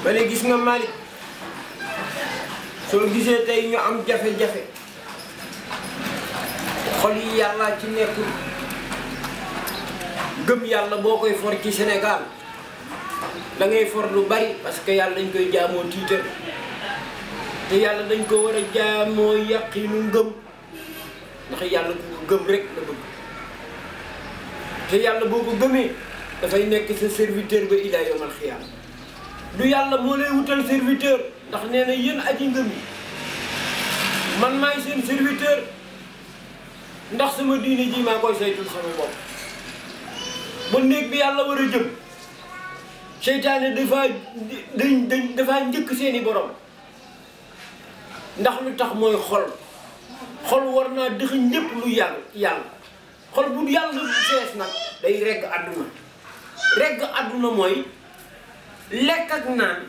ma gis nga Malick soo gisee tey ñu am jafe-jafe xol yi yàlla ci nekkul gëm yàlla boo koy for ci Sénégal da ngay for lu bari parce que yàlla dañ koy jaamoo tiitar te yàlla dañ ko war a jaamoo yàqinu ngëm ndax yàlla ku ko gëm rek la bëgg te yàlla boo ko gëmee dafay nekk sa serviteur ba ilaa yomal xiyaam lu yàlla moo lay wutal serviteur ndax nee na yéen aji ngëm yi man maay seen serviteur ndax sama diine ji maa koy saytul sama bopp ba néeg bi yàlla war a jëm seytaane dafa dañ dañ dafa njëkk seeni borom ndax lu tax mooy xol xol war naa dëx ñëpp lu yàlla yàlla xol bu yàlla fees nag day regg àdduna regg àdduna mooy lekk ak naan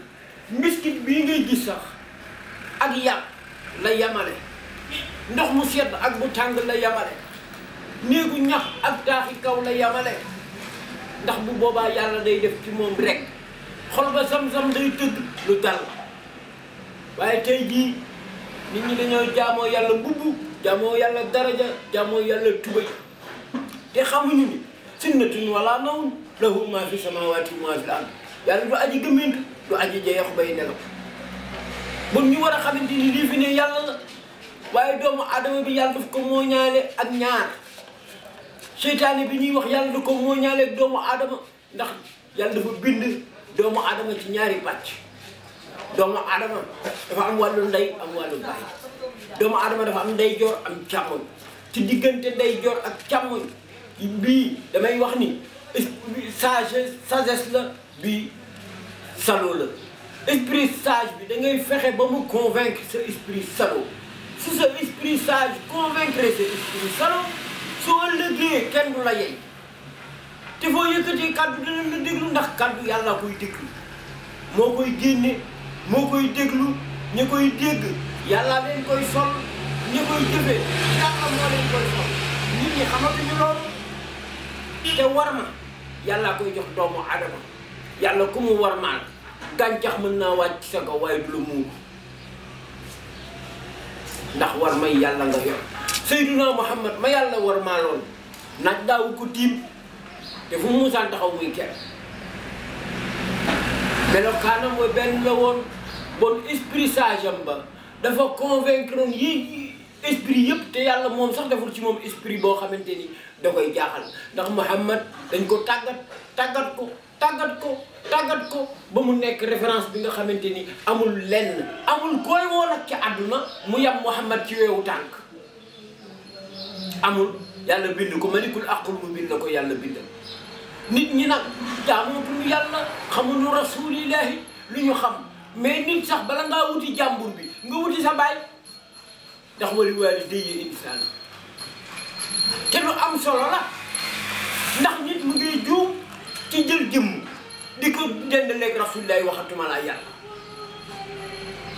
mbiskit bii ngay gis sax ak yàpp la yamale ndox mu sedd ak bu tàng la yamale néegu ñax ak taaxi kaw la yamale ndax bu boobaa yàlla day def ci moom rek xol ba sam-sam day tëgg lu dal waaye tey jii nit ñi dañoo jaamoo yàlla mbubb jaamoo yàlla daraja jaamoo yàlla tubay te xamuñu ni sinnatun wala nawm lahu ma fi samawati ma fi al ard yàlla du aji gëmmint du aji jeex bay nelaw bon ñu war a xamante ni lii fi ne yàlla la waaye doomu adama bi yàlla daf ko mooñaale ak ñaar seytaane bi ñuy wax yàlla du ko mooñaale doomu adama ndax yàlla dafa bind doomu adama ci ñaari pàcc doomu adama dafa am wàllu ndey am wàllu baay doomu adama dafa am day joor am càmmoñ ci diggante day joor ak càmmoñ bii damay wax ni sage sagesse bi salaud la esprit sage bi da ngay fexe ba mu convaincre sa esprit salaud su sa esprit sage convaincre sa esprit salaud soo ëllëgee kenn du la yey te foo yëkkatee kàddu dana la déglu ndax kàddu yàlla koy déglu moo koy génne moo koy déglu ñi koy dégg yàlla leen koy sol ñi koy jëfee yàlla moo koy sol nit ñi xamatuñu loolu te war ma yàlla koy jox doomu adama yàlla ku mu war maal gàncax mën naa wàcc sa kaw waaye du la muur ndax war may yàlla nga yor Seydina Muhammad ma yàlla war maaloon naaj daaw ko tiim te fu mu musaan taxaw muy kenn melokaanam wa benn la woon bon esprit sage am ba dafa convaincre yi esprit yëpp te yàlla moom sax deful ci moom esprit boo xamante ni da koy jaaxal ndax Muhammad dañ ko tàggat tàggat ko tàggat ko tàggat ko ba mu nekk référence bi nga xamante ni amul lenn amul koy woo nag ci àdduna mu yam Mouhamad ci weewu tànk amul yàlla bind ko malikul aqul mu bind ko yàlla bindal nit ñi nag jaamutuñu yàlla xamuñu rasulillahi lu ñu xam mais nit sax bala ngaa wuti jàmbur bi nga wuti sa baay ndax wali waalidayhi ihsaana te lu am solo la ndax nit mu ngi juum ci jël jëmm di ko dendaleeg rasulillahi waxatuma laa yàlla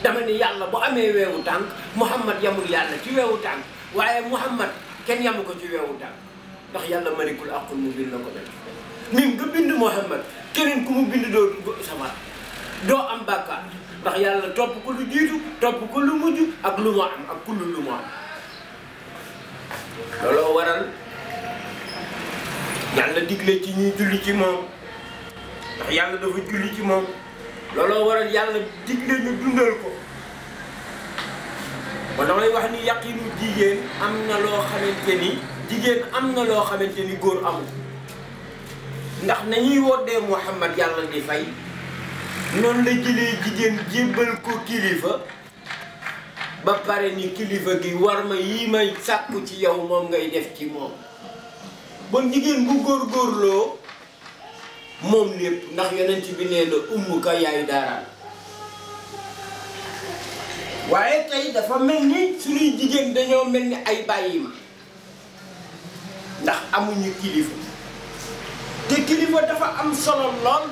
dama ne yàlla bu amee weewu tànk Muhammad yamul yàlla ci wewu tànk waaye Muhammad kenn yamu ko ci weewu tànk ndax yàlla malikul aqul mu bind la ko def min nga bind Muhammad keneen ku mu bind doo sama doo am bàkkaar ndax yàlla topp ko lu jiitu topp ko lu mujj ak lu mu am ak kullu lu mu am looloo waral digle ci ñuy julli ci moom ndax yàlla dafa julli ci moom looloo waral yàlla digle ñu dundal ko kon damay wax ni yaqinu jigéen am na loo xamante ni jigéen am na loo xamante ni góor amul ndax ñuy woddee Muhammad yàlla di fay noonu la jëlee jigéen jébbal ko kilifa ba pare ni kilifa gi war ma yi may sàkku ci yow moom ngay def ci moom bon jigéen bu góorloo moom lépp ndax yonent ci nee la umm ka yaay daaraan waaye tey dafa mel ni suñuy jigéen dañoo mel ni ay bàyyi ma ndax amuñu kilifa te kilifa dafa am solo lool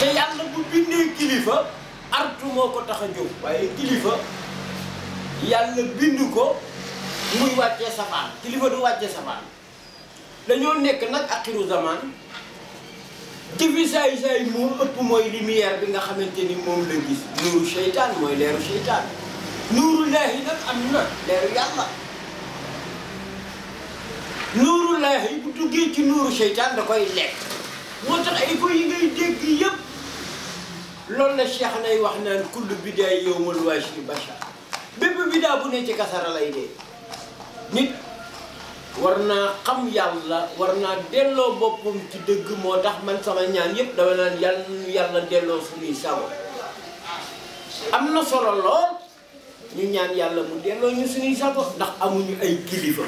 te yàlla bu bindee kilifa artu moo ko tax a jóg waaye kilifa yàlla bind ko bu muy wàccee safaan kilifa du wàccee dañoo nekk nag axiru zaman jëfi saay saay moom ëpp mooy lumière bi nga xamante ni moom la gis nuuru seytaan mooy leeru seytaan nuurullaahi nag am na leeru yàlla nuurullaahi bu duggee ci nuuru seytaan da koy lekk moo tax ay ko yi ngay dégg yépp loolu la Cheikh nay wax naan kullu bidaay yowmal waasi bachar bépp bidaa bu ne ci kasara lay dee nit war naa xam yàlla war naa delloo boppam ci dëgg moo tax man sama ñaan yëpp dama naan yàlla nu yàlla delloo suñuy sago am na solo lool ñu ñaan yàlla mu delloo ñu suñuy sago ndax amuñu ay kilifa